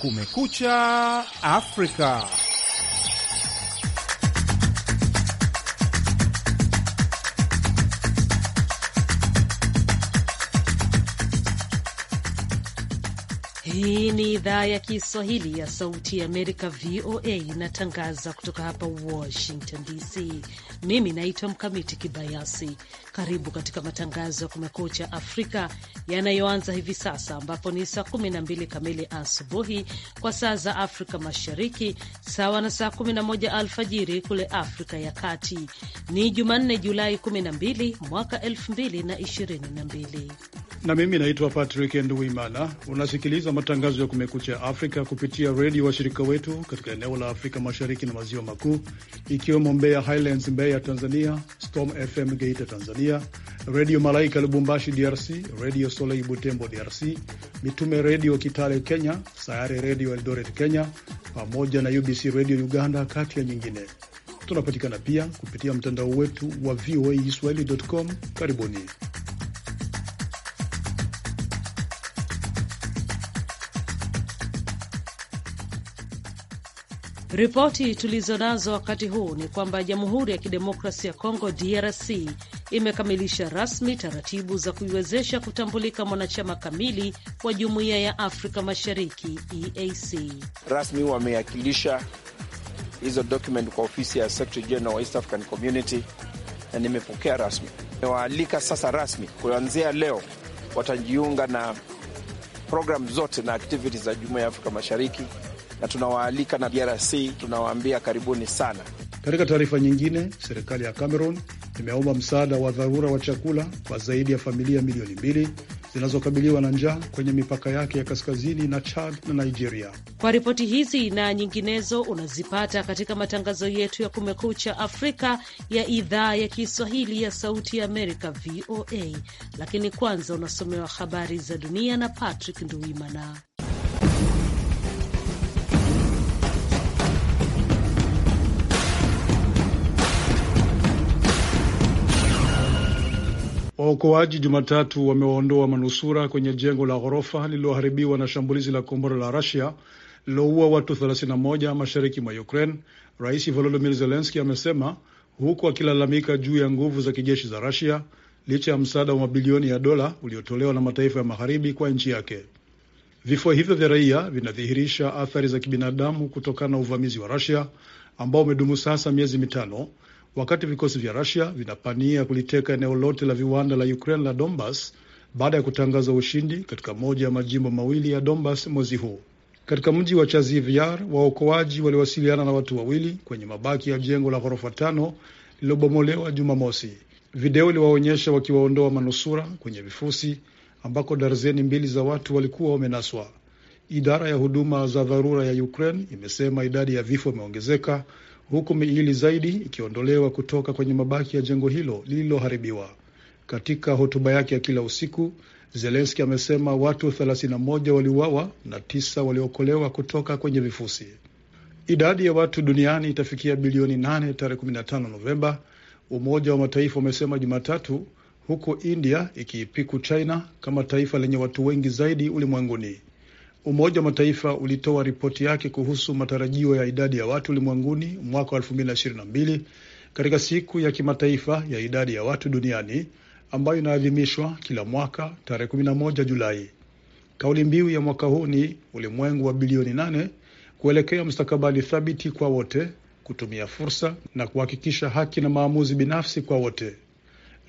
Kumekucha Afrika. Hii ni idhaa ya Kiswahili ya Sauti ya Amerika, VOA, inatangaza kutoka hapa Washington DC. Mimi naitwa Mkamiti Kibayasi. Karibu katika matangazo ya Kumekucha Afrika yanayoanza hivi sasa, ambapo ni saa 12 kamili asubuhi kwa saa za Afrika Mashariki, sawa na saa 11 alfajiri kule Afrika ya Kati. Ni Jumanne, Julai 12 mwaka 2022 na mimi naitwa Patrick Nduimana. Unasikiliza matangazo ya Kumekucha Afrika kupitia redio washirika wetu katika eneo la Afrika Mashariki na Maziwa Makuu, ikiwemo Mbeya Highlands, Mbeya Tanzania, Storm FM Geita Tanzania, Redio Malaika Lubumbashi DRC, Redio Solei Butembo DRC, Mitume Redio Kitale Kenya, Sayare Redio Eldoret Kenya, pamoja na UBC Redio Uganda, kati ya nyingine. Tunapatikana pia kupitia mtandao wetu wa VOA Swahili.com. Karibuni. Ripoti tulizonazo wakati huu ni kwamba Jamhuri ya Kidemokrasi ya Kongo DRC imekamilisha rasmi taratibu za kuiwezesha kutambulika mwanachama kamili wa Jumuiya ya Afrika Mashariki EAC. Rasmi wameakilisha hizo document kwa ofisi ya Secretary General wa East African Community na nimepokea rasmi. Nimewaalika sasa rasmi kuanzia leo watajiunga na programu zote na activities za Jumuiya ya Afrika Mashariki na tunawaalika na DRC tunawaambia karibuni sana. Katika taarifa nyingine, serikali ya Cameroon imeomba msaada wa dharura wa chakula kwa zaidi ya familia milioni mbili zinazokabiliwa na njaa kwenye mipaka yake ya kaskazini na Chad na Nigeria. Kwa ripoti hizi na nyinginezo unazipata katika matangazo yetu ya Kumekucha Afrika ya idhaa ya Kiswahili ya Sauti ya Amerika, VOA. Lakini kwanza unasomewa habari za dunia na Patrick nduimana Waokoaji Jumatatu wamewaondoa manusura kwenye jengo la ghorofa lililoharibiwa na shambulizi la kombora la Rusia lililoua watu 31 mashariki mwa Ukraine, Rais volodimir Zelenski amesema huku akilalamika juu ya nguvu za kijeshi za Rusia licha ya msaada wa mabilioni ya dola uliotolewa na mataifa ya magharibi kwa nchi yake. Vifo hivyo vya raia vinadhihirisha athari za kibinadamu kutokana na uvamizi wa Rusia ambao umedumu sasa miezi mitano wakati vikosi vya Rusia vinapania kuliteka eneo lote la viwanda la Ukraine la Donbas baada ya kutangaza ushindi katika moja ya majimbo mawili ya Donbas mwezi huu. Katika mji wa Chazivyar, waokoaji waliwasiliana na watu wawili kwenye mabaki ya jengo la ghorofa tano lililobomolewa Jumamosi. Video iliwaonyesha wakiwaondoa manusura kwenye vifusi ambako darzeni mbili za watu walikuwa wamenaswa. Idara ya huduma za dharura ya Ukraine imesema idadi ya vifo imeongezeka huku miili zaidi ikiondolewa kutoka kwenye mabaki ya jengo hilo lililoharibiwa. Katika hotuba yake ya kila usiku, Zelenski amesema watu 31 waliuawa na tisa waliokolewa kutoka kwenye vifusi. Idadi ya watu duniani itafikia bilioni 8 tarehe 15 Novemba, Umoja wa Mataifa umesema Jumatatu, huku India ikiipiku China kama taifa lenye watu wengi zaidi ulimwenguni. Umoja wa Mataifa ulitoa ripoti yake kuhusu matarajio ya idadi ya watu ulimwenguni mwaka wa 2022 katika siku ya kimataifa ya idadi ya watu duniani ambayo inaadhimishwa kila mwaka tarehe 11 Julai. Kauli mbiu ya mwaka huu ni ulimwengu wa bilioni nane, kuelekea mustakabali thabiti kwa wote, kutumia fursa na kuhakikisha haki na maamuzi binafsi kwa wote.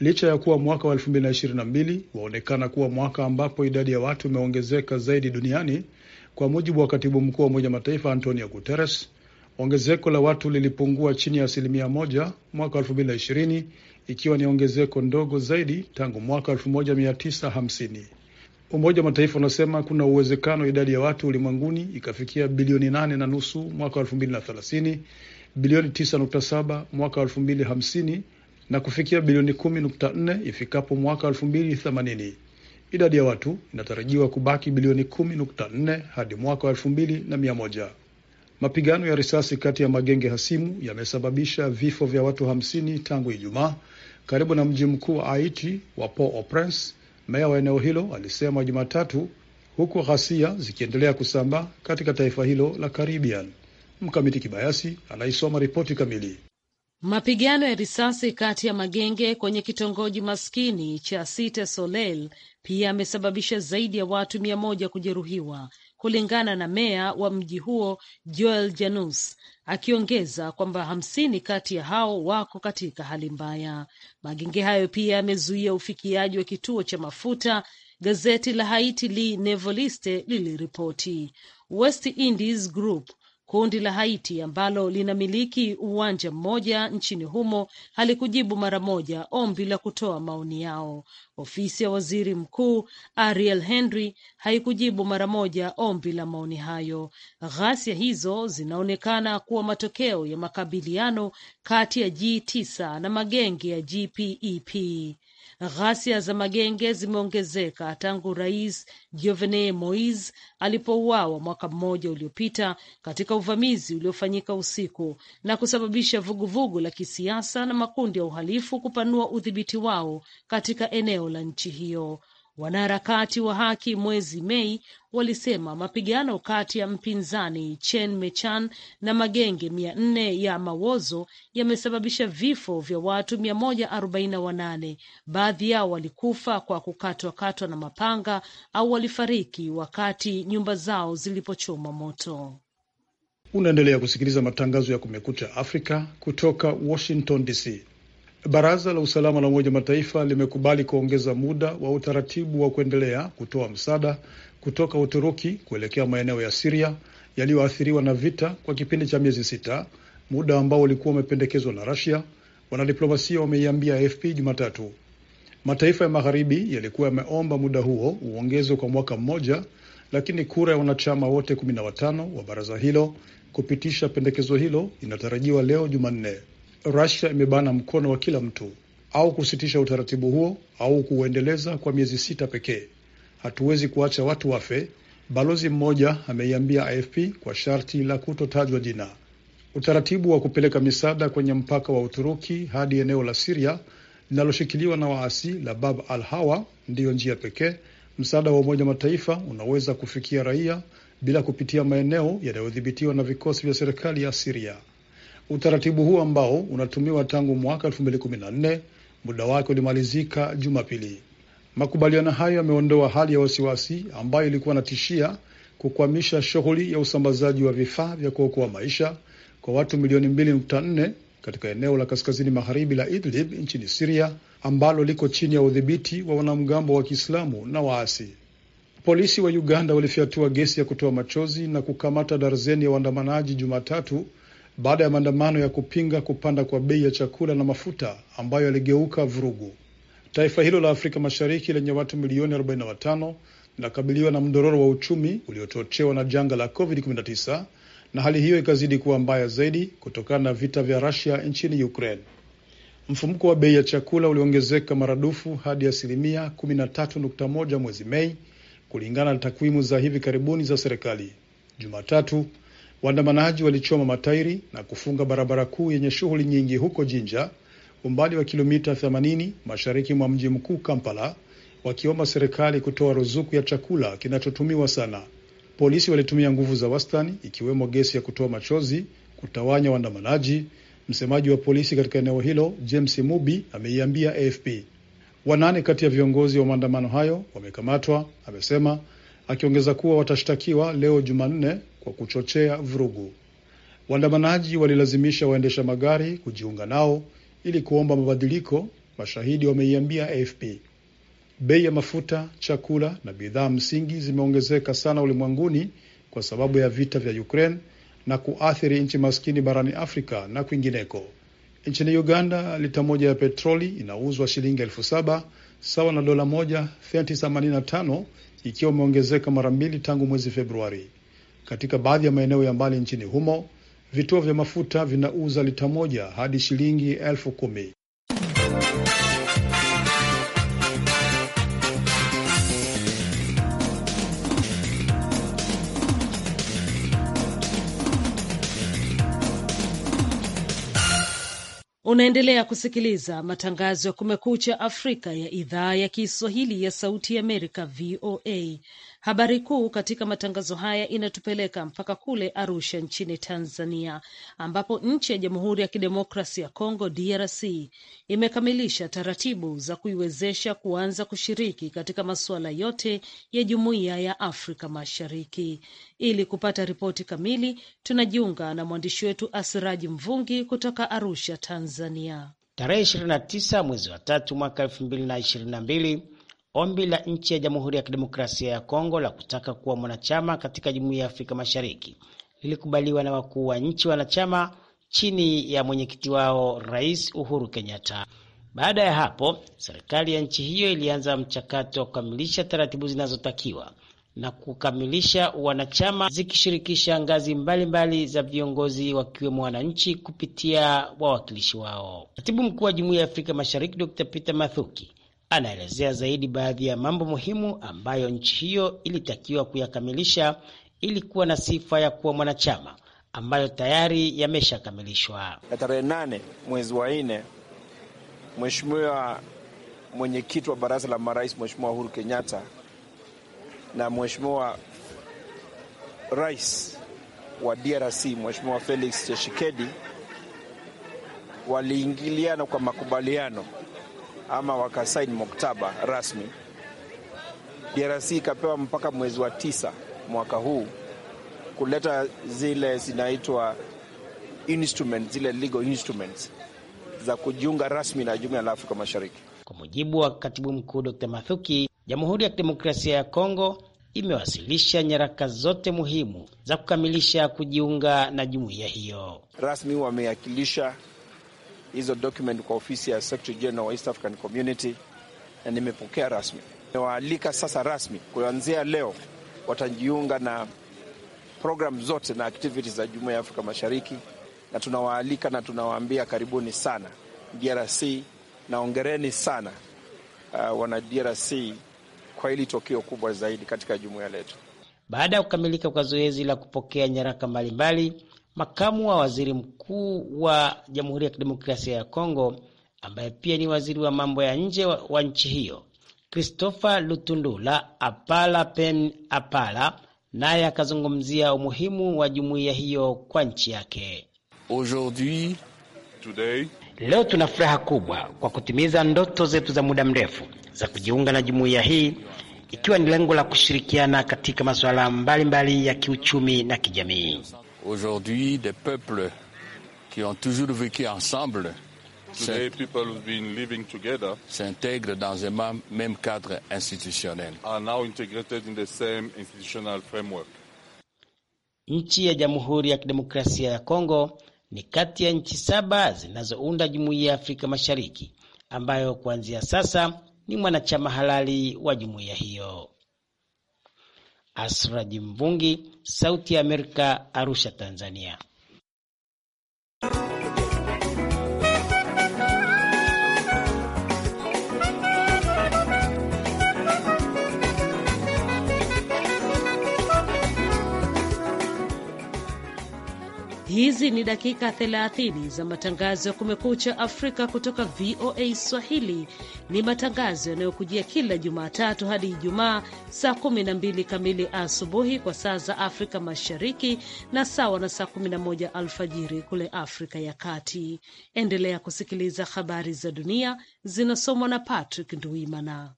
Licha ya kuwa mwaka wa 2022 waonekana kuwa mwaka ambapo idadi ya watu imeongezeka zaidi duniani, kwa mujibu wa katibu mkuu wa Umoja Mataifa Antonio Guterres, ongezeko la watu lilipungua chini ya asilimia moja mwaka 2020 ikiwa ni ongezeko ndogo zaidi tangu mwaka 1950. Umoja wa Mataifa unasema kuna uwezekano idadi ya watu ulimwenguni ikafikia bilioni nane na nusu mwaka 2030, bilioni 9.7 mwaka 2050 na kufikia bilioni 10.4 ifikapo mwaka 2080. Idadi ya watu inatarajiwa kubaki bilioni 10.4 hadi mwaka wa 2100. Mapigano ya risasi kati ya magenge hasimu yamesababisha vifo vya watu 50 tangu Ijumaa karibu na mji mkuu wa Haiti wa Port-au-Prince, meya wa eneo hilo alisema Jumatatu, huku ghasia zikiendelea kusambaa katika taifa hilo la Caribbean. Mkamiti Kibayasi anaisoma ripoti kamili. Mapigano ya risasi kati ya magenge kwenye kitongoji maskini cha Cite Soleil pia amesababisha zaidi ya watu mia moja kujeruhiwa kulingana na meya wa mji huo Joel Janus, akiongeza kwamba hamsini kati ya hao wako katika hali mbaya. Magenge hayo pia yamezuia ufikiaji wa kituo cha mafuta, gazeti la Haiti Le nevoliste liliripoti. West Indies Group Kundi la Haiti ambalo linamiliki uwanja mmoja nchini humo halikujibu mara moja ombi la kutoa maoni yao. Ofisi ya waziri mkuu Ariel Henry haikujibu mara moja ombi la maoni hayo. Ghasia hizo zinaonekana kuwa matokeo ya makabiliano kati ya G9 na magenge ya GPEP. E Ghasia za magenge zimeongezeka tangu Rais jovene mois alipouawa mwaka mmoja uliopita katika uvamizi uliofanyika usiku na kusababisha vuguvugu la kisiasa na makundi ya uhalifu kupanua udhibiti wao katika eneo la nchi hiyo. Wanaharakati wa haki mwezi Mei walisema mapigano kati ya mpinzani Chen Mechan na magenge mia nne ya Mawozo yamesababisha vifo vya watu mia moja wanane Baadhi yao walikufa kwa kukatwakatwa na mapanga au walifariki wakati nyumba zao zilipochoma moto. Unaendelea kusikiliza matangazo ya Kumekucha Afrika kutoka Washington DC. Baraza la usalama la Umoja Mataifa limekubali kuongeza muda wa utaratibu wa kuendelea kutoa msaada kutoka Uturuki kuelekea maeneo ya Siria yaliyoathiriwa na vita kwa kipindi cha miezi sita, muda ambao ulikuwa umependekezwa na Rasia. Wanadiplomasia wameiambia AFP Jumatatu. Mataifa ya magharibi yalikuwa yameomba muda huo uongezwe kwa mwaka mmoja, lakini kura ya wanachama wote 15 wa baraza hilo kupitisha pendekezo hilo inatarajiwa leo Jumanne rasia imebana mkono wa kila mtu, au kusitisha utaratibu huo au kuuendeleza kwa miezi sita pekee. Hatuwezi kuacha watu wafe, balozi mmoja ameiambia AFP kwa sharti la kutotajwa jina. Utaratibu wa kupeleka misaada kwenye mpaka wa Uturuki hadi eneo la Siria linaloshikiliwa na waasi la Bab al Hawa ndiyo njia pekee msaada wa Umoja Mataifa unaweza kufikia raia bila kupitia maeneo yanayodhibitiwa na vikosi vya serikali ya Siria. Utaratibu huu ambao unatumiwa tangu mwaka 2014 muda wake ulimalizika Jumapili. Makubaliano hayo yameondoa hali ya wasiwasi ambayo ilikuwa natishia kukwamisha shughuli ya usambazaji wa vifaa vya kuokoa maisha kwa watu milioni 2.4 katika eneo la kaskazini magharibi la Idlib nchini Siria ambalo liko chini ya udhibiti wa wanamgambo wa Kiislamu na waasi. Polisi wa Uganda walifyatua gesi ya kutoa machozi na kukamata darzeni ya waandamanaji Jumatatu baada ya maandamano ya kupinga kupanda kwa bei ya chakula na mafuta ambayo yaligeuka vurugu. Taifa hilo la Afrika Mashariki lenye watu milioni 45 linakabiliwa na mdororo wa uchumi uliochochewa na janga la COVID-19 na hali hiyo ikazidi kuwa mbaya zaidi kutokana na vita vya rasia nchini Ukraine. Mfumuko wa bei ya chakula uliongezeka maradufu hadi asilimia 13.1 mwezi Mei kulingana na takwimu za hivi karibuni za serikali. Jumatatu Waandamanaji walichoma matairi na kufunga barabara kuu yenye shughuli nyingi huko Jinja, umbali wa kilomita 80 mashariki mwa mji mkuu Kampala, wakiomba serikali kutoa ruzuku ya chakula kinachotumiwa sana. Polisi walitumia nguvu za wastani, ikiwemo gesi ya kutoa machozi kutawanya waandamanaji. Msemaji wa polisi katika eneo hilo James Mubi ameiambia AFP wanane kati ya viongozi wa maandamano hayo wamekamatwa, amesema akiongeza kuwa watashtakiwa leo Jumanne kwa kuchochea vurugu. Waandamanaji walilazimisha waendesha magari kujiunga nao ili kuomba mabadiliko, mashahidi wameiambia AFP. Bei ya mafuta, chakula na bidhaa msingi zimeongezeka sana ulimwenguni kwa sababu ya vita vya Ukraine na kuathiri nchi maskini barani Afrika na kwingineko. Nchini Uganda, lita moja ya petroli inauzwa shilingi elfu saba sawa na dola moja, senti themanini na tano ikiwa imeongezeka mara mbili tangu mwezi Februari. Katika baadhi ya maeneo ya mbali nchini humo vituo vya mafuta vinauza lita moja hadi shilingi elfu kumi. Unaendelea kusikiliza matangazo ya Kumekucha Afrika ya idhaa ya Kiswahili ya Sauti ya Amerika, VOA. Habari kuu katika matangazo haya inatupeleka mpaka kule Arusha nchini Tanzania, ambapo nchi ya Jamhuri ya Kidemokrasi ya congo DRC imekamilisha taratibu za kuiwezesha kuanza kushiriki katika masuala yote ya Jumuiya ya Afrika Mashariki. Ili kupata ripoti kamili, tunajiunga na mwandishi wetu Asiraji Mvungi kutoka Arusha, Tanzania. Tarehe 29 mwezi wa tatu mwaka 2022 ombi la nchi ya Jamhuri ya Kidemokrasia ya Kongo la kutaka kuwa mwanachama katika Jumuiya ya Afrika Mashariki lilikubaliwa na wakuu wa nchi wanachama chini ya mwenyekiti wao Rais Uhuru Kenyatta. Baada ya hapo, serikali ya nchi hiyo ilianza mchakato wa kukamilisha taratibu zinazotakiwa na kukamilisha wanachama zikishirikisha ngazi mbalimbali mbali za viongozi wakiwemo wananchi kupitia wawakilishi wao. Katibu mkuu wa Jumuiya ya Afrika Mashariki Dr. Peter Mathuki Anaelezea zaidi baadhi ya mambo muhimu ambayo nchi hiyo ilitakiwa kuyakamilisha ili kuwa na sifa ya kuwa mwanachama ambayo tayari yameshakamilishwa. Na tarehe nane mwezi wa nne, Mheshimiwa mwenyekiti wa baraza la marais Mheshimiwa Uhuru Kenyatta na Mheshimiwa rais wa DRC Mheshimiwa Felix Tshisekedi waliingiliana kwa makubaliano ama wakasaini moktaba rasmi. DRC ikapewa mpaka mwezi wa tisa mwaka huu kuleta zile zinaitwa instrument, zile legal instruments za kujiunga rasmi na jumuiya la Afrika Mashariki. Kwa mujibu wa katibu mkuu Dr. Mathuki, Jamhuri ya Kidemokrasia ya Kongo imewasilisha nyaraka zote muhimu za kukamilisha kujiunga na jumuiya hiyo rasmi. Wamewakilisha hizo document kwa ofisi ya Secretary General wa East African Community na nimepokea rasmi. Nimewaalika sasa rasmi kuanzia leo watajiunga na program zote na activities za Jumuiya ya Afrika Mashariki, na tunawaalika na tunawaambia karibuni sana DRC na ongereni sana uh, wana DRC kwa hili tokio kubwa zaidi katika jumuiya letu. Baada ya kukamilika kwa zoezi la kupokea nyaraka mbalimbali makamu wa waziri mkuu wa Jamhuri ya Kidemokrasia ya Kongo ambaye pia ni waziri wa mambo ya nje wa, wa nchi hiyo Christopher Lutundula Apala Pen Apala naye akazungumzia umuhimu wa jumuiya hiyo kwa nchi yake. Aujourd'hui, today, leo tuna furaha kubwa kwa kutimiza ndoto zetu za muda mrefu za kujiunga na jumuiya hii ikiwa ni lengo la kushirikiana katika masuala mbalimbali ya kiuchumi na kijamii. Aujourd'hui, des peuples qui ont toujours vécu ensemble s'intègrent dans un même cadre institutionnel. Nchi ya Jamhuri ya Kidemokrasia ya Kongo ni kati ya nchi saba zinazounda Jumuiya ya Afrika Mashariki ambayo kuanzia sasa ni mwanachama halali wa jumuiya hiyo. Asraji Mvungi, Sauti ya Amerika, Arusha, Tanzania. Hizi ni dakika 30 za matangazo ya Kumekucha Afrika kutoka VOA Swahili. Ni matangazo yanayokujia kila Jumatatu hadi Ijumaa saa 12 kamili asubuhi kwa saa za Afrika Mashariki na sawa na saa 11 alfajiri kule Afrika ya Kati. Endelea kusikiliza habari za dunia zinasomwa na Patrick Nduimana.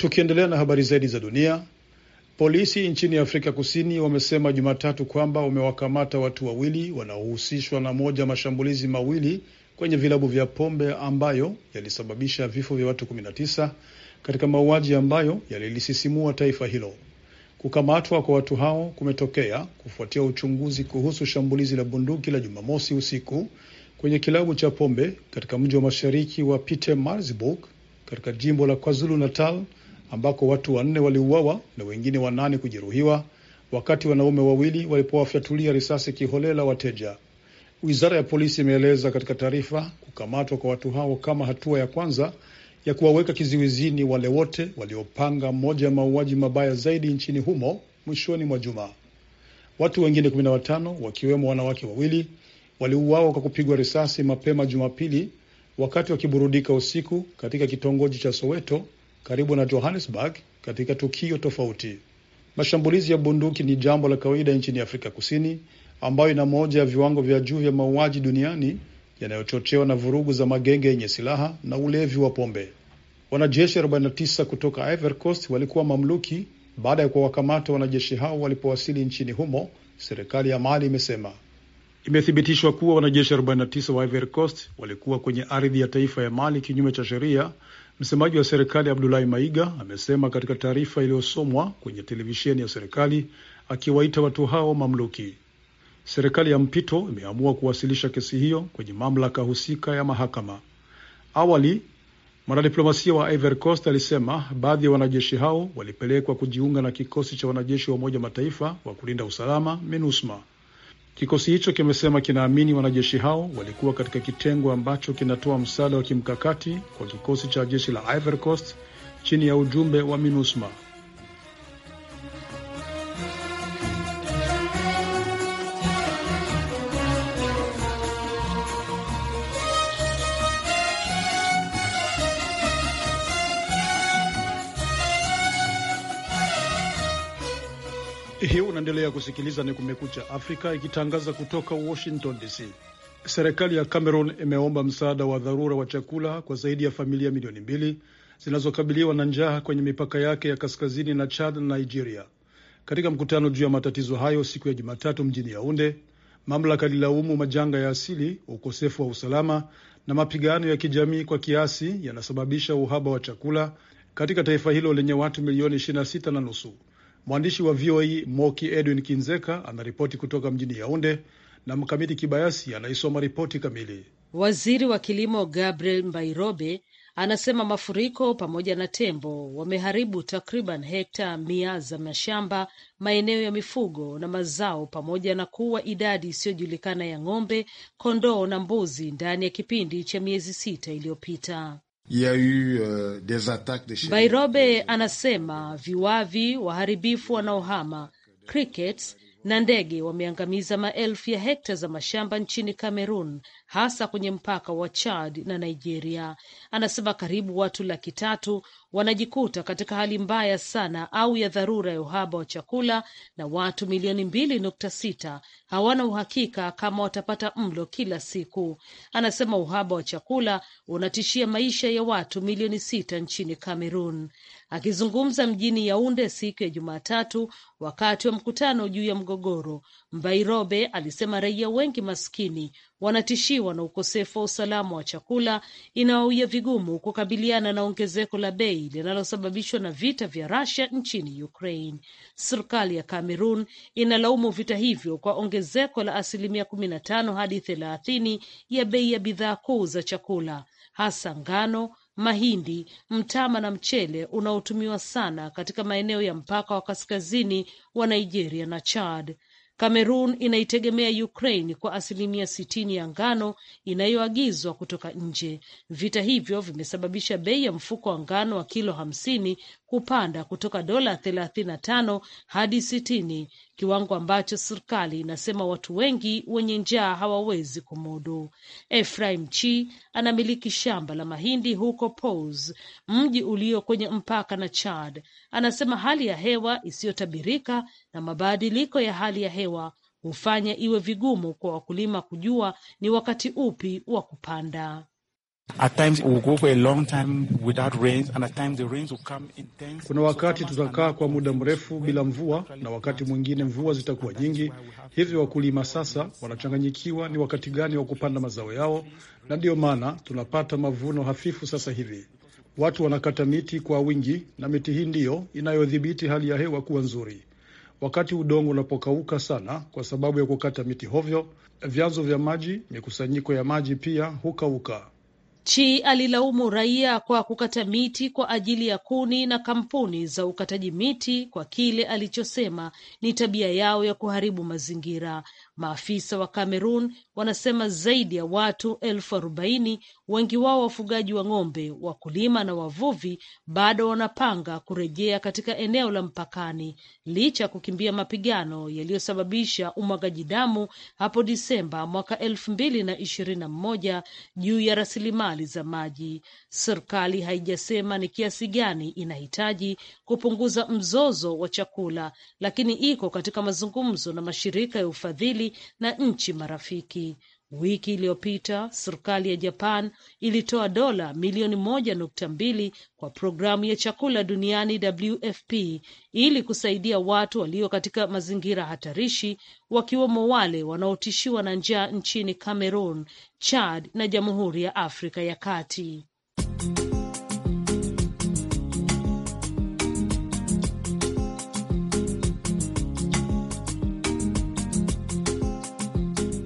Tukiendelea na habari zaidi za dunia, polisi nchini Afrika Kusini wamesema Jumatatu kwamba wamewakamata watu wawili wanaohusishwa na moja mashambulizi mawili kwenye vilabu vya pombe ambayo yalisababisha vifo vya watu 19 katika mauaji ambayo yalilisisimua taifa hilo. Kukamatwa kwa watu hao kumetokea kufuatia uchunguzi kuhusu shambulizi la bunduki la Jumamosi usiku kwenye kilabu cha pombe katika mji wa mashariki wa Pietermaritzburg katika jimbo la KwaZulu Natal ambako watu wanne waliuawa na wengine wanane kujeruhiwa wakati wanaume wawili walipowafyatulia risasi kiholela wateja. Wizara ya polisi imeeleza katika taarifa kukamatwa kwa watu hao kama hatua ya kwanza ya kuwaweka kizuizini wale wote waliopanga moja ya mauaji mabaya zaidi nchini humo mwishoni mwa juma. Watu wengine 15 wakiwemo wanawake wawili waliuawa kwa kupigwa risasi mapema Jumapili wakati wakiburudika usiku katika kitongoji cha Soweto karibu na Johannesburg katika tukio tofauti. Mashambulizi ya bunduki ni jambo la kawaida nchini Afrika Kusini, ambayo ina moja ya viwango vya juu vya mauaji duniani yanayochochewa na vurugu za magenge yenye silaha na ulevi wa pombe. Wanajeshi 49 kutoka Ivory Coast walikuwa mamluki baada ya kuwakamata wanajeshi hao walipowasili nchini humo, serikali ya Mali imesema. Imethibitishwa kuwa wanajeshi 49 wa Ivory Coast walikuwa kwenye ardhi ya taifa ya Mali kinyume cha sheria Msemaji wa serikali Abdulahi Maiga amesema katika taarifa iliyosomwa kwenye televisheni ya serikali akiwaita watu hao mamluki. Serikali ya mpito imeamua kuwasilisha kesi hiyo kwenye mamlaka husika ya mahakama. Awali mwanadiplomasia wa Ivory Coast alisema baadhi ya wanajeshi hao walipelekwa kujiunga na kikosi cha wanajeshi wa Umoja Mataifa wa kulinda usalama MINUSMA. Kikosi hicho kimesema kinaamini wanajeshi hao walikuwa katika kitengo ambacho kinatoa msaada wa kimkakati kwa kikosi cha jeshi la Ivory Coast chini ya ujumbe wa MINUSMA. Hii unaendelea kusikiliza ni Kumekucha Afrika ikitangaza kutoka Washington DC. Serikali ya Cameroon imeomba msaada wa dharura wa chakula kwa zaidi ya familia milioni mbili zinazokabiliwa na njaa kwenye mipaka yake ya kaskazini na Chad na Nigeria. Katika mkutano juu ya matatizo hayo siku ya Jumatatu mjini Yaunde, mamlaka ililaumu majanga ya asili, ukosefu wa usalama na mapigano ya kijamii kwa kiasi yanasababisha uhaba wa chakula katika taifa hilo lenye watu milioni 26 na nusu. Mwandishi wa VOA Moki Edwin Kinzeka anaripoti kutoka mjini Yaunde na Mkamiti Kibayasi anaisoma ripoti kamili. Waziri wa kilimo Gabriel Mbairobe anasema mafuriko pamoja na tembo wameharibu takriban hekta mia za mashamba, maeneo ya mifugo na mazao, pamoja na kuwa idadi isiyojulikana ya ng'ombe, kondoo na mbuzi ndani ya kipindi cha miezi sita iliyopita. Euh, Bairobe anasema viwavi, waharibifu wanaohama, crickets na ndege wameangamiza maelfu ya hekta za mashamba nchini Cameroon hasa kwenye mpaka wa Chad na Nigeria. Anasema karibu watu laki tatu wanajikuta katika hali mbaya sana au ya dharura ya uhaba wa chakula na watu milioni mbili nukta sita hawana uhakika kama watapata mlo kila siku. Anasema uhaba wa chakula unatishia maisha ya watu milioni sita nchini Cameroon. Akizungumza mjini Yaunde siku ya Jumatatu wakati wa mkutano juu ya mgogoro, Mbairobe alisema raia wengi maskini wanatishiwa na ukosefu wa usalama wa chakula inaoia vigumu kukabiliana na ongezeko la bei linalosababishwa na vita vya rasia nchini Ukraine. Serikali ya cameron inalaumu vita hivyo kwa ongezeko la asilimia kumi na tano hadi thelathini ya bei ya bidhaa kuu za chakula hasa ngano mahindi, mtama na mchele unaotumiwa sana katika maeneo ya mpaka wa kaskazini wa Nigeria na Chad. Kamerun inaitegemea Ukraine kwa asilimia sitini ya ngano inayoagizwa kutoka nje. Vita hivyo vimesababisha bei ya mfuko wa ngano wa kilo hamsini kupanda kutoka dola thelathini na tano hadi sitini, kiwango ambacho serikali inasema watu wengi wenye njaa hawawezi kumudu. Efraim Chi anamiliki shamba la mahindi huko Pos, mji ulio kwenye mpaka na Chad. Anasema hali ya hewa isiyotabirika na mabadiliko ya hali ya hewa hufanya iwe vigumu kwa wakulima kujua ni wakati upi wa kupanda. Kuna wakati tutakaa kwa muda mrefu bila mvua, na wakati mwingine mvua zitakuwa nyingi. Hivyo wakulima sasa wanachanganyikiwa ni wakati gani wa kupanda mazao yao, na ndiyo maana tunapata mavuno hafifu sasa hivi. Watu wanakata miti kwa wingi, na miti hii ndiyo inayodhibiti hali ya hewa kuwa nzuri. Wakati udongo unapokauka sana kwa sababu ya kukata miti hovyo, vyanzo vya maji, mikusanyiko ya maji pia hukauka. Chi alilaumu raia kwa kukata miti kwa ajili ya kuni na kampuni za ukataji miti kwa kile alichosema ni tabia yao ya kuharibu mazingira. Maafisa wa cameron wanasema zaidi ya watu elfu arobaini, wengi wao wafugaji wa ng'ombe, wakulima na wavuvi, bado wanapanga kurejea katika eneo la mpakani licha ya kukimbia mapigano yaliyosababisha umwagaji damu hapo Disemba mwaka elfu mbili na ishirini na moja juu ya rasilimali rasilimali za maji. Serikali haijasema ni kiasi gani inahitaji kupunguza mzozo wa chakula, lakini iko katika mazungumzo na mashirika ya ufadhili na nchi marafiki. Wiki iliyopita serikali ya Japan ilitoa dola milioni moja nukta mbili kwa programu ya chakula duniani WFP ili kusaidia watu walio katika mazingira hatarishi wakiwemo wale wanaotishiwa na njaa nchini Cameroon, Chad na Jamhuri ya Afrika ya Kati.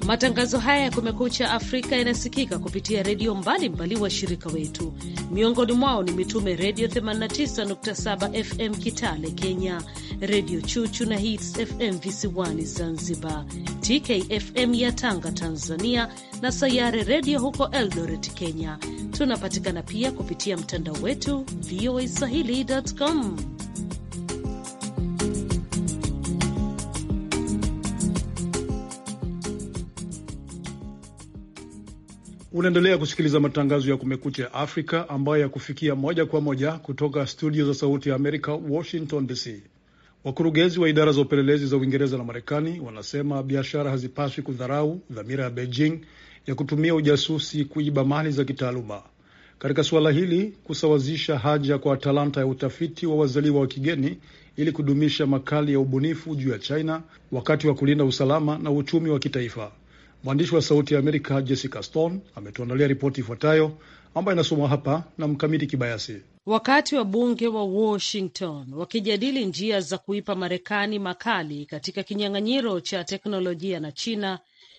Matangazo haya ya Kumekucha Afrika yanasikika kupitia redio mbalimbali wa shirika wetu, miongoni mwao ni Mitume Redio 89.7 FM Kitale Kenya, Redio Chuchu na Hits FM visiwani Zanzibar, TKFM ya Tanga Tanzania na Sayare Redio huko Eldoret Kenya. Tunapatikana pia kupitia mtandao wetu voa swahili.com. Unaendelea kusikiliza matangazo ya Kumekucha Afrika ambayo ya kufikia moja kwa moja kutoka studio za Sauti ya Amerika, Washington DC. Wakurugenzi wa idara za upelelezi za Uingereza na Marekani wanasema biashara hazipaswi kudharau dhamira ya Beijing ya kutumia ujasusi kuiba mali za kitaaluma. Katika suala hili, kusawazisha haja kwa talanta ya utafiti wa wazaliwa wa kigeni ili kudumisha makali ya ubunifu juu ya China wakati wa kulinda usalama na uchumi wa kitaifa. Mwandishi wa Sauti ya Amerika Jessica Stone ametuandalia ripoti ifuatayo ambayo inasomwa hapa na Mkamiti Kibayasi. Wakati wa bunge wa Washington wakijadili njia za kuipa Marekani makali katika kinyang'anyiro cha teknolojia na China,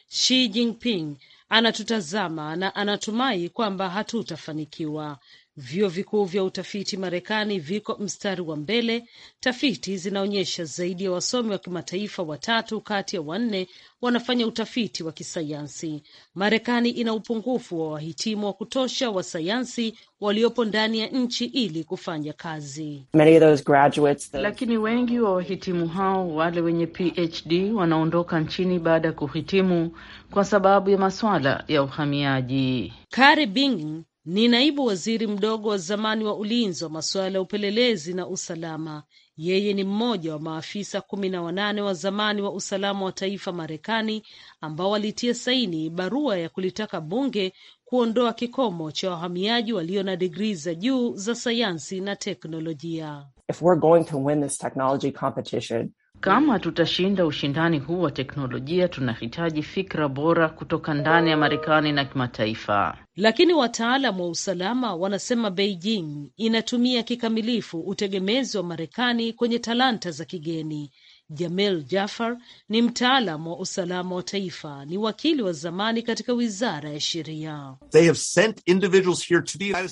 Xi Jinping anatutazama na anatumai kwamba hatutafanikiwa. Vyuo vikuu vya utafiti Marekani viko mstari wa mbele. Tafiti zinaonyesha zaidi ya wasomi wa kimataifa watatu kati ya wanne wanafanya utafiti wa kisayansi. Marekani ina upungufu wa wahitimu wa kutosha wa sayansi waliopo ndani ya nchi ili kufanya kazi. Many of those graduates, those... Lakini wengi wa wahitimu hao, wale wenye PhD, wanaondoka nchini baada ya kuhitimu kwa sababu ya masuala ya uhamiaji. Kari Bing ni naibu waziri mdogo wa zamani wa ulinzi wa masuala ya upelelezi na usalama. Yeye ni mmoja wa maafisa kumi na wanane wa zamani wa usalama wa taifa Marekani ambao walitia saini barua ya kulitaka bunge kuondoa kikomo cha wahamiaji walio na digrii za juu za sayansi na teknolojia. If we're going to win this technology competition, kama tutashinda ushindani huu wa teknolojia, tunahitaji fikra bora kutoka ndani ya Marekani na kimataifa. Lakini wataalam wa usalama wanasema Beijing inatumia kikamilifu utegemezi wa Marekani kwenye talanta za kigeni Jamel Jafar ni mtaalam wa usalama wa taifa, ni wakili wa zamani katika wizara ya sheria.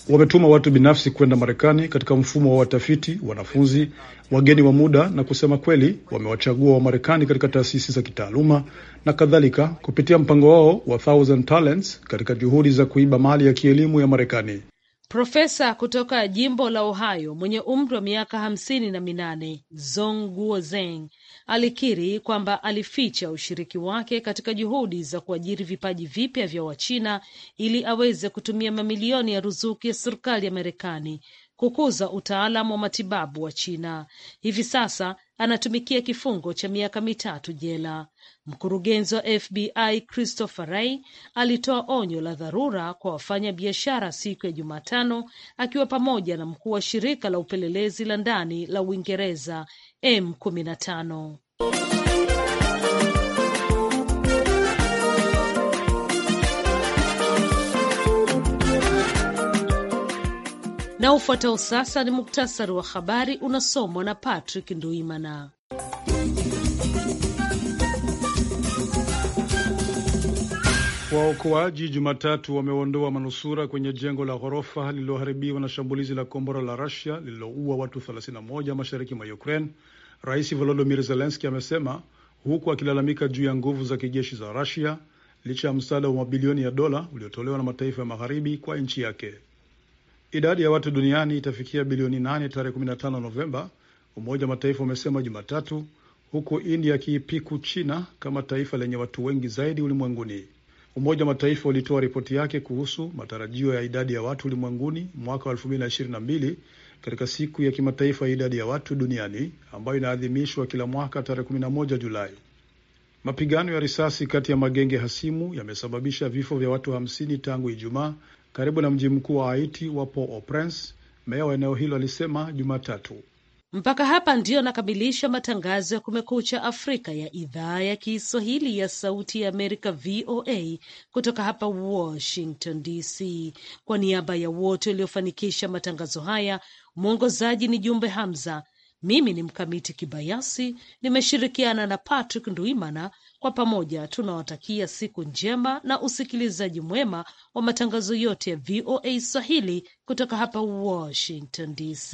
Wametuma watu binafsi kwenda Marekani katika mfumo wa watafiti, wanafunzi, wageni wa muda, na kusema kweli, wamewachagua Wamarekani katika taasisi za kitaaluma na kadhalika, kupitia mpango wao wa Thousand Talents katika juhudi za kuiba mali ya kielimu ya Marekani. Profesa kutoka jimbo la Ohio mwenye umri wa miaka hamsini na minane Guo Zeng alikiri kwamba alificha ushiriki wake katika juhudi za kuajiri vipaji vipya vya Wachina ili aweze kutumia mamilioni ya ruzuku ya serikali ya Marekani kukuza utaalam wa matibabu wa China. Hivi sasa anatumikia kifungo cha miaka mitatu jela. Mkurugenzi wa FBI Christopher Wray alitoa onyo la dharura kwa wafanya biashara siku ya Jumatano akiwa pamoja na mkuu wa shirika la upelelezi la ndani la Uingereza M15. na ufuatao sasa ni muktasari wa habari unasomwa na Patrick Nduimana. Waokoaji Jumatatu wameondoa manusura kwenye jengo la ghorofa lililoharibiwa na shambulizi la kombora la Rusia lililoua watu 31 mashariki mwa Ukraine, Rais volodimir Zelenski amesema huku akilalamika juu ya nguvu za kijeshi za Rusia licha ya msaada wa mabilioni ya dola uliotolewa na mataifa ya magharibi kwa nchi yake. Idadi ya watu duniani itafikia bilioni 8 tarehe 15 Novemba, Umoja wa Mataifa umesema Jumatatu, huku India akiipiku China kama taifa lenye watu wengi zaidi ulimwenguni. Umoja wa Mataifa ulitoa ripoti yake kuhusu matarajio ya idadi ya watu ulimwenguni mwaka wa 2022 katika siku ya kimataifa ya idadi ya watu duniani ambayo inaadhimishwa kila mwaka tarehe 11 Julai. Mapigano ya risasi kati ya magenge hasimu yamesababisha vifo vya watu 50 tangu Ijumaa karibu na mji mkuu wa Haiti wa Port-au-Prince. Meya wa eneo hilo alisema Jumatatu. Mpaka hapa ndiyo nakamilisha matangazo ya Kumekucha Afrika ya idhaa ya Kiswahili ya Sauti ya Amerika, VOA, kutoka hapa Washington DC. Kwa niaba ya wote waliofanikisha matangazo haya, mwongozaji ni Jumbe Hamza, mimi ni Mkamiti Kibayasi, nimeshirikiana na Patrick Nduimana. Kwa pamoja tunawatakia siku njema na usikilizaji mwema wa matangazo yote ya VOA Swahili kutoka hapa Washington DC.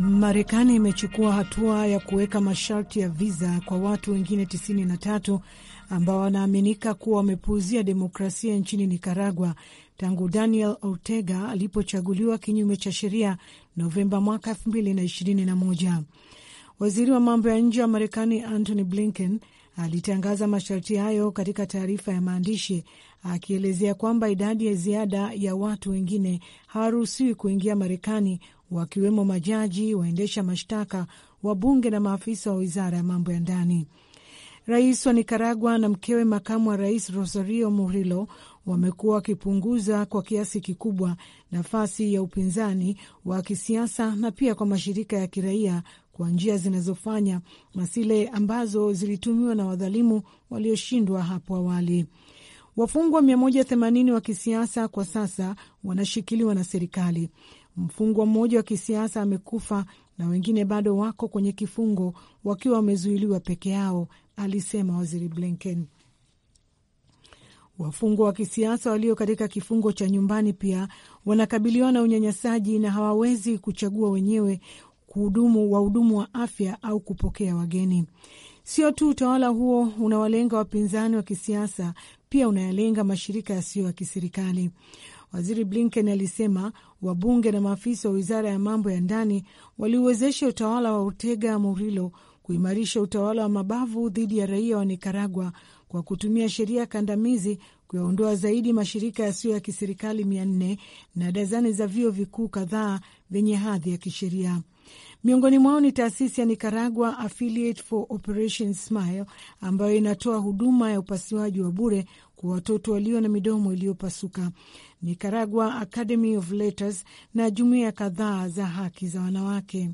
Marekani imechukua hatua ya kuweka masharti ya viza kwa watu wengine 93 ambao wanaaminika kuwa wamepuuzia demokrasia nchini Nicaragua tangu Daniel Ortega alipochaguliwa kinyume cha sheria Novemba mwaka elfu Waziri wa mambo ya nje wa Marekani Antony Blinken alitangaza masharti hayo katika taarifa ya maandishi akielezea kwamba idadi ya ziada ya watu wengine hawaruhusiwi kuingia Marekani, wakiwemo majaji, waendesha mashtaka, wabunge na maafisa wa wizara ya mambo ya ndani. Rais wa Nikaragua na mkewe makamu wa rais Rosario Murillo wamekuwa wakipunguza kwa kiasi kikubwa nafasi ya upinzani wa kisiasa na pia kwa mashirika ya kiraia kwa njia zinazofanya masile ambazo zilitumiwa na wadhalimu walioshindwa hapo awali. Wafungwa 180 wa kisiasa kwa sasa wanashikiliwa na serikali. Mfungwa mmoja wa kisiasa amekufa na wengine bado wako kwenye kifungo wakiwa wamezuiliwa peke yao, alisema waziri Blinken. Wafungwa wa kisiasa walio katika kifungo cha nyumbani pia wanakabiliwa na unyanyasaji na hawawezi kuchagua wenyewe kuhudumu wahudumu wa afya au kupokea wageni. Sio tu utawala huo unawalenga wapinzani wa kisiasa, pia unayalenga mashirika yasiyo ya kiserikali. Waziri Blinken alisema wabunge na maafisa wa wizara ya mambo ya ndani waliuwezesha utawala wa Ortega Murillo kuimarisha utawala wa mabavu dhidi ya raia wa Nikaragua kwa kutumia sheria kandamizi kuyaondoa zaidi mashirika yasiyo ya kiserikali mia nne na dazani za vyuo vikuu kadhaa vyenye hadhi ya kisheria. Miongoni mwao ni taasisi ya Nicaragua Affiliate for Operation Smile ambayo inatoa huduma ya upasuaji wa bure kwa watoto walio na midomo iliyopasuka. Nicaragua Academy of Letters na jumuiya kadhaa za haki za wanawake.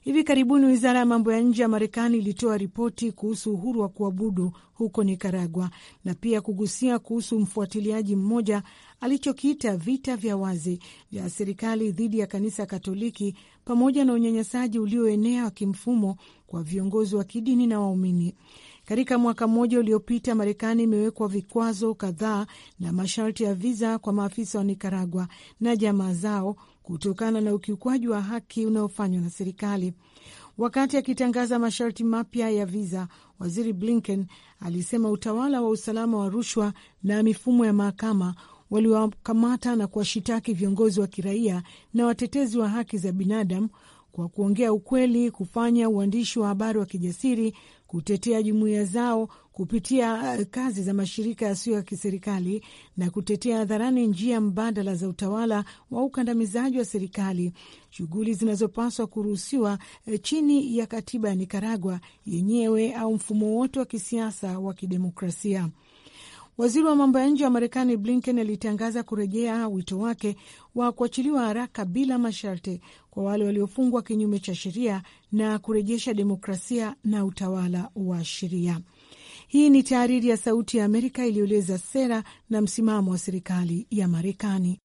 Hivi karibuni wizara ya mambo ya nje ya Marekani ilitoa ripoti kuhusu uhuru wa kuabudu huko Nicaragua na pia kugusia kuhusu mfuatiliaji mmoja alichokiita vita vya wazi vya serikali dhidi ya kanisa Katoliki pamoja na unyanyasaji ulioenea wa kimfumo kwa viongozi wa kidini na waumini. Katika mwaka mmoja uliopita, Marekani imewekwa vikwazo kadhaa na masharti ya viza kwa maafisa wa Nikaragua na jamaa zao kutokana na ukiukwaji wa haki unaofanywa na serikali. Wakati akitangaza masharti mapya ya viza, waziri Blinken alisema utawala wa usalama wa rushwa na mifumo ya mahakama waliwakamata na kuwashitaki viongozi wa kiraia na watetezi wa haki za binadamu kwa kuongea ukweli, kufanya uandishi wa habari wa kijasiri, kutetea jumuiya zao kupitia eh, kazi za mashirika yasiyo ya kiserikali na kutetea hadharani njia mbadala za utawala wa ukandamizaji wa serikali, shughuli zinazopaswa kuruhusiwa eh, chini ya katiba ya Nikaragua yenyewe au mfumo wote wa kisiasa wa kidemokrasia. Waziri wa mambo ya nje wa Marekani Blinken alitangaza kurejea wito wake wa kuachiliwa haraka bila masharti kwa wale waliofungwa kinyume cha sheria na kurejesha demokrasia na utawala wa sheria. Hii ni tahariri ya Sauti ya Amerika iliyoeleza sera na msimamo wa serikali ya Marekani.